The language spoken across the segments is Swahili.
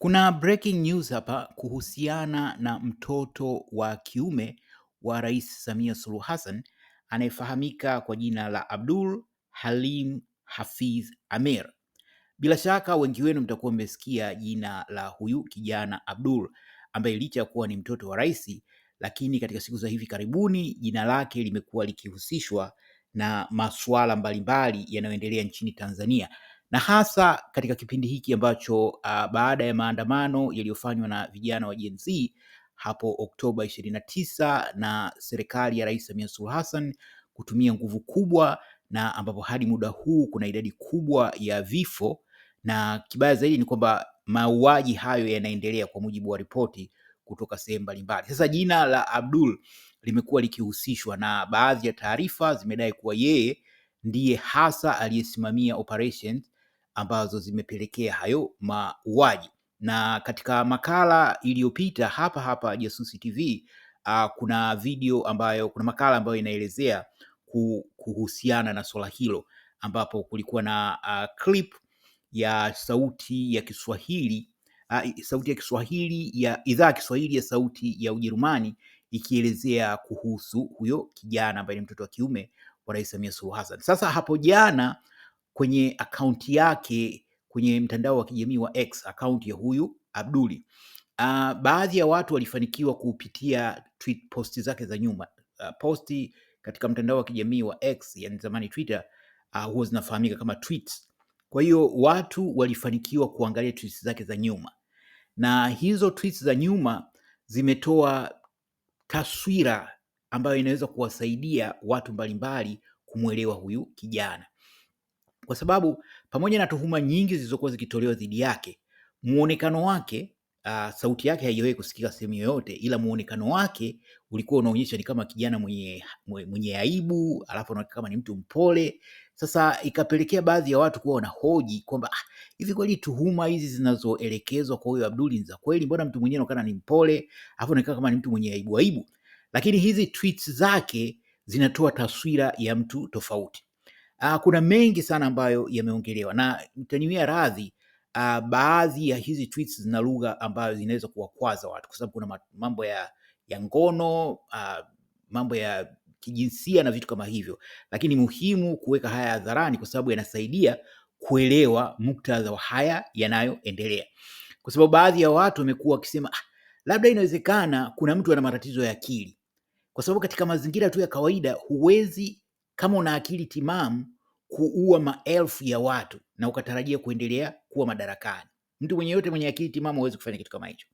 Kuna breaking news hapa kuhusiana na mtoto wa kiume wa Rais Samia Suluhu Hassan anayefahamika kwa jina la Abdul Halim Hafiz amir Bila shaka wengi wenu mtakuwa mmesikia jina la huyu kijana Abdul ambaye licha ya kuwa ni mtoto wa rais, lakini katika siku za hivi karibuni jina lake limekuwa likihusishwa na masuala mbalimbali yanayoendelea nchini Tanzania na hasa katika kipindi hiki ambacho uh, baada ya maandamano yaliyofanywa na vijana wa Gen Z hapo Oktoba 29 na serikali ya Rais Samia Suluhu Hassan kutumia nguvu kubwa, na ambapo hadi muda huu kuna idadi kubwa ya vifo, na kibaya zaidi ni kwamba mauaji hayo yanaendelea kwa mujibu wa ripoti kutoka sehemu mbalimbali. Sasa jina la Abdul limekuwa likihusishwa na baadhi ya taarifa zimedai kuwa yeye ndiye hasa aliyesimamia operations ambazo zimepelekea hayo mauaji. Na katika makala iliyopita hapa hapa Jasusi TV uh, ah, kuna video ambayo kuna makala ambayo inaelezea kuhusiana na swala hilo ambapo kulikuwa na uh, clip ya sauti ya Kiswahili uh, sauti ya Kiswahili ya idhaa ya Kiswahili ya sauti ya Ujerumani ikielezea kuhusu huyo kijana ambaye ni mtoto wa kiume wa Rais Samia Suluhu Hassan. Sasa hapo jana kwenye akaunti yake kwenye mtandao wa kijamii wa X, akaunti ya huyu Abduli. Uh, baadhi ya watu walifanikiwa kupitia tweet posti zake za nyuma. Uh, ah, posti katika mtandao wa kijamii wa X, yani zamani Twitter, uh, huwa zinafahamika kama tweets. Kwa hiyo watu walifanikiwa kuangalia tweets zake za nyuma, na hizo tweets za nyuma zimetoa taswira ambayo inaweza kuwasaidia watu mbalimbali kumwelewa huyu kijana kwa sababu pamoja na tuhuma nyingi zilizokuwa zikitolewa dhidi yake, muonekano wake uh, sauti yake haijawahi kusikika sehemu yoyote, ila muonekano wake ulikuwa unaonyesha ni kama kijana mwenye, mwenye aibu, alafu anaonekana kama ni mtu mpole. Sasa ikapelekea baadhi ya watu kuwa wanahoji kwamba ah, hivi kweli tuhuma hizi zinazoelekezwa kwa huyo Abduli ni za kweli? Mbona mtu mwenyewe anaonekana ni mpole, alafu anaonekana kama ni mtu mwenye aibu aibu? Lakini hizi tweets zake zinatoa taswira ya mtu tofauti. Uh, kuna mengi sana ambayo yameongelewa na nitaniwia radhi uh, baadhi ya hizi tweets zina lugha ambayo zinaweza kuwakwaza watu, kwa sababu kuna mambo ya, ya ngono uh, mambo ya kijinsia na vitu kama hivyo, lakini muhimu kuweka haya hadharani, kwa sababu yanasaidia kuelewa muktadha wa haya yanayoendelea, kwa sababu baadhi ya watu wamekuwa wakisema ah, labda inawezekana kuna mtu ana matatizo ya akili, kwa sababu katika mazingira tu ya kawaida huwezi kama una akili timamu kuua maelfu ya watu na ukatarajia kuendelea kuwa madarakani. Mtu mwenye yote mwenye akili timamu hawezi kufanya kitu kama hicho.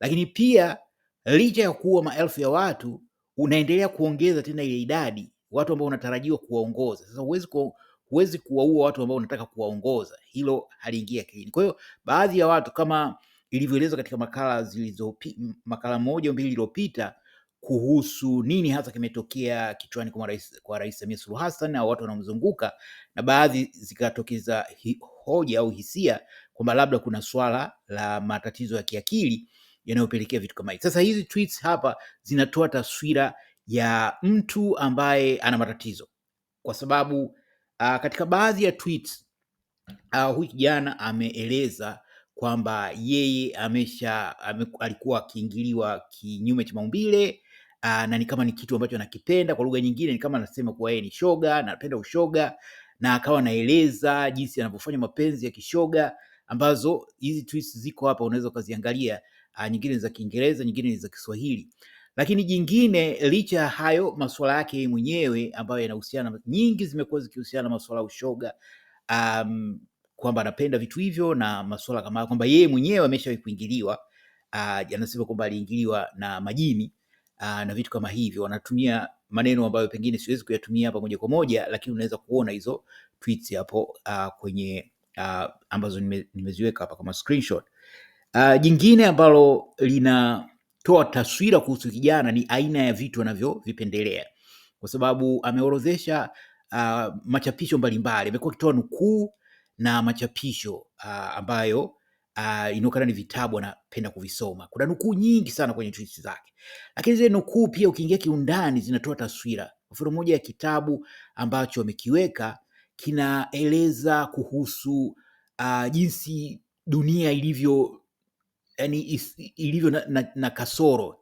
Lakini pia licha ya kuua maelfu ya watu, unaendelea kuongeza tena ile idadi watu ambao unatarajiwa kuwaongoza. Sasa huwezi ku, huwezi kuwaua watu ambao unataka kuwaongoza, hilo haliingia akilini. Kwa hiyo baadhi ya watu kama ilivyoelezwa katika makala zilizo makala moja mbili iliyopita kuhusu nini hasa kimetokea kichwani kwa rais, kwa Rais Samia Suluhu Hassan au watu wanaomzunguka, na baadhi zikatokeza hoja au hisia kwamba labda kuna swala la matatizo ya kiakili yanayopelekea vitu kama hivi. Sasa hizi tweets hapa zinatoa taswira ya mtu ambaye ana matatizo kwa sababu uh, katika baadhi ya tweets uh, huyu kijana ameeleza kwamba yeye amesha ame, alikuwa akiingiliwa kinyume cha maumbile Ah, na ni kama ni kitu ambacho anakipenda. Kwa lugha nyingine ni kama anasema kuwa yeye ni shoga na anapenda ushoga, na akawa anaeleza jinsi anavyofanya mapenzi ya kishoga, ambazo hizi twist ziko hapa, unaweza ukaziangalia. Ah, nyingine ni za Kiingereza, nyingine ni za Kiswahili. Lakini jingine, licha ya hayo masuala yake yeye mwenyewe ambayo yanahusiana, nyingi zimekuwa zikihusiana na masuala ya ushoga um, kwamba anapenda vitu hivyo na masuala kama kwamba yeye mwenyewe ameshawahi kuingiliwa. Uh, anasema kwamba aliingiliwa na majini Ah, na vitu kama hivyo. Wanatumia maneno ambayo pengine siwezi kuyatumia hapa moja kwa moja, lakini unaweza kuona hizo tweets hapo ah, kwenye uh, ambazo nime, nimeziweka hapa kama screenshot. Uh, jingine ambalo linatoa taswira kuhusu kijana ni aina ya vitu anavyovipendelea, kwa sababu ameorodhesha uh, machapisho mbalimbali, amekuwa akitoa nukuu na machapisho uh, ambayo uh, ah, inaonekana ni vitabu anapenda kuvisoma. Kuna nukuu nyingi sana kwenye tweets zake, lakini zile nukuu pia ukiingia kiundani zinatoa taswira. Mfano mmoja ya kitabu ambacho amekiweka kinaeleza kuhusu uh, jinsi dunia ilivyo yani ilivyo na, na, na kasoro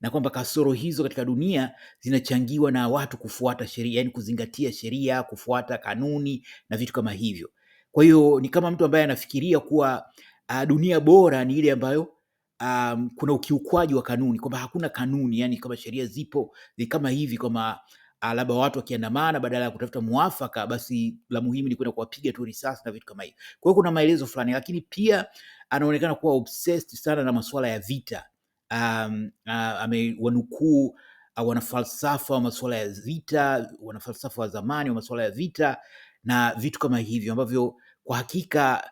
na kwamba kasoro hizo katika dunia zinachangiwa na watu kufuata sheria, yani kuzingatia sheria, kufuata kanuni na vitu kama hivyo. Kwa hiyo ni kama mtu ambaye anafikiria kuwa Uh, dunia bora ni ile ambayo um, kuna ukiukwaji wa kanuni kwamba hakuna kanuni, yani kama sheria zipo ni kama hivi kwamba uh, labda watu wakiandamana badala ya kutafuta mwafaka, basi la muhimu ni kwenda kuwapiga tu risasi na vitu kama hivyo. Kwa hiyo kuna maelezo fulani, lakini pia anaonekana kuwa obsessed sana na masuala ya vita. Um, uh, amewanukuu wanafalsafa wa masuala ya vita, wanafalsafa wa zamani wa masuala ya vita na vitu kama hivyo ambavyo kwa hakika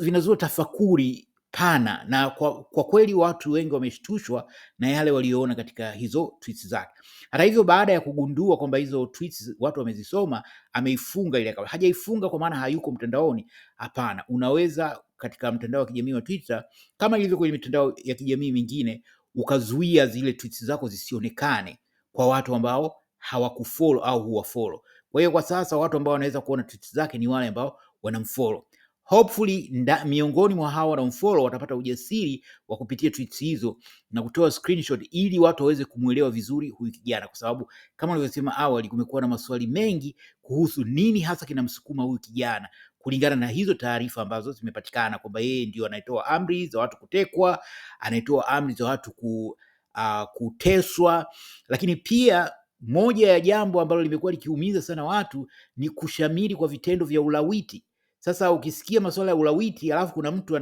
vinazua tafakuri pana na kwa, kwa kweli watu wengi wameshtushwa na yale walioona katika hizo tweets zake. Hata hivyo, baada ya kugundua kwamba hizo tweets watu wamezisoma, ameifunga ile akaunti. Hajaifunga kwa maana hayuko mtandaoni, hapana. Unaweza katika mtandao wa kijamii wa Twitter kama ilivyo kwenye mitandao ya kijamii mingine ukazuia zile tweets zako zisionekane kwa watu ambao hawakufollow au huwafollow. Kwa hiyo kwa sasa watu ambao wanaweza kuona tweets zake ni wale ambao wanamfollow. Hopefully nda, miongoni mwa hawa wanaomfollow watapata ujasiri wa kupitia tweets hizo na kutoa screenshot ili watu waweze kumwelewa vizuri huyu kijana, kwa sababu kama nilivyosema awali, kumekuwa na maswali mengi kuhusu nini hasa kinamsukuma huyu kijana, kulingana na hizo taarifa ambazo zimepatikana kwamba yeye ndio anayetoa amri za watu kutekwa, anayetoa amri za watu ku, uh, kuteswa, lakini pia moja ya jambo ambalo limekuwa likiumiza sana watu ni kushamiri kwa vitendo vya ulawiti sasa ukisikia masuala ya ulawiti alafu kuna mtu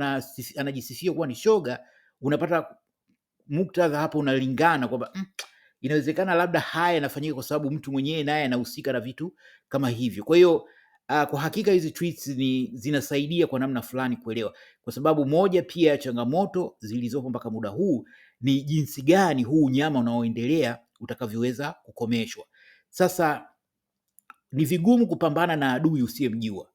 anajisifia kuwa ni shoga, unapata muktadha hapo unalingana kwamba mm, inawezekana labda haya yanafanyika kwa sababu mtu mwenyewe naye anahusika na vitu kama hivyo. Kwa hiyo uh, kwa hakika hizi tweets ni zinasaidia kwa namna fulani kuelewa, kwa sababu moja pia ya changamoto zilizopo mpaka muda huu ni jinsi gani huu unyama unaoendelea utakavyoweza kukomeshwa. Sasa ni vigumu kupambana na adui usiyemjua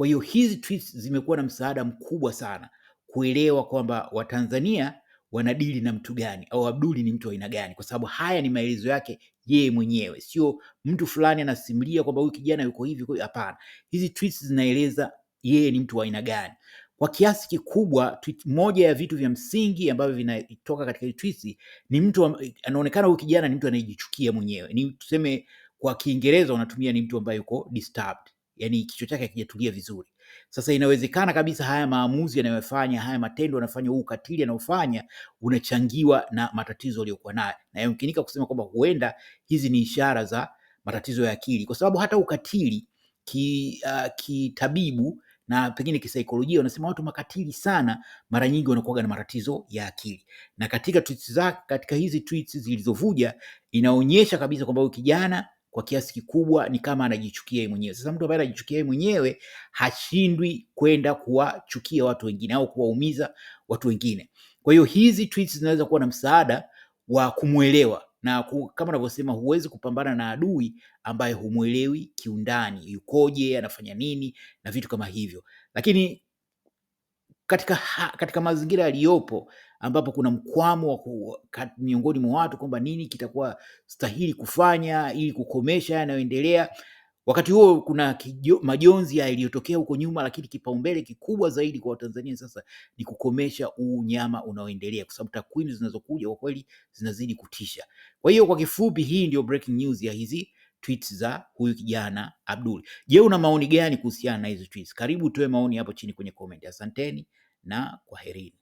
kwa hiyo hizi tweets zimekuwa na msaada mkubwa sana kuelewa kwamba Watanzania wanadili na mtu gani au Abduli ni mtu aina gani, kwa sababu haya ni maelezo yake yeye mwenyewe, sio mtu fulani anasimulia kwamba huyu kijana yuko hivi. Hapana, hizi tweets zinaeleza yeye ni mtu wa aina gani kwa kiasi kikubwa. Tweet moja ya vitu vya msingi ambavyo vinatoka katika hizi tweets ni mtu anaonekana, huyu kijana ni mtu anayejichukia mwenyewe, ni tuseme kwa Kiingereza wanatumia ni mtu ambaye yuko disturbed yani kichwa chake hakijatulia vizuri. Sasa inawezekana kabisa haya maamuzi yanayofanya, haya matendo anayofanya, huu ukatili anaofanya unachangiwa na matatizo aliyokuwa nayo, na yamkinika kusema kwamba huenda hizi ni ishara za matatizo ya akili, kwa sababu hata ukatili ah, kitabibu uh, ki na pengine kisaikolojia, wanasema watu makatili sana mara nyingi wanakuwaga na matatizo ya akili. Na katika tweets zake, katika hizi tweets zilizovuja, inaonyesha kabisa kwamba huyu kijana kwa kiasi kikubwa ni kama anajichukia yeye mwenyewe. Sasa mtu ambaye anajichukia yeye mwenyewe hashindwi kwenda kuwachukia watu wengine au kuwaumiza watu wengine. Kwa hiyo hizi tweets zinaweza kuwa na msaada wa kumwelewa na kama anavyosema huwezi kupambana na adui ambaye humwelewi kiundani, yukoje, anafanya nini na vitu kama hivyo, lakini katika, katika mazingira yaliyopo ambapo kuna mkwamo wa miongoni mwa watu kwamba nini kitakuwa stahili kufanya ili kukomesha yanayoendelea. Wakati huo kuna kijo, majonzi yaliyotokea huko nyuma, lakini kipaumbele kikubwa zaidi kwa Watanzania sasa ni kukomesha huu unyama unaoendelea, kwa sababu takwimu zinazokuja kwa kweli zinazidi kutisha. Kwa hiyo kwa kifupi, hii ndio breaking news ya hizi tweets za huyu kijana Abdul. Je, una maoni gani kuhusiana na hizo tweets? Karibu toe maoni hapo chini kwenye comment. Asanteni na kwaherini.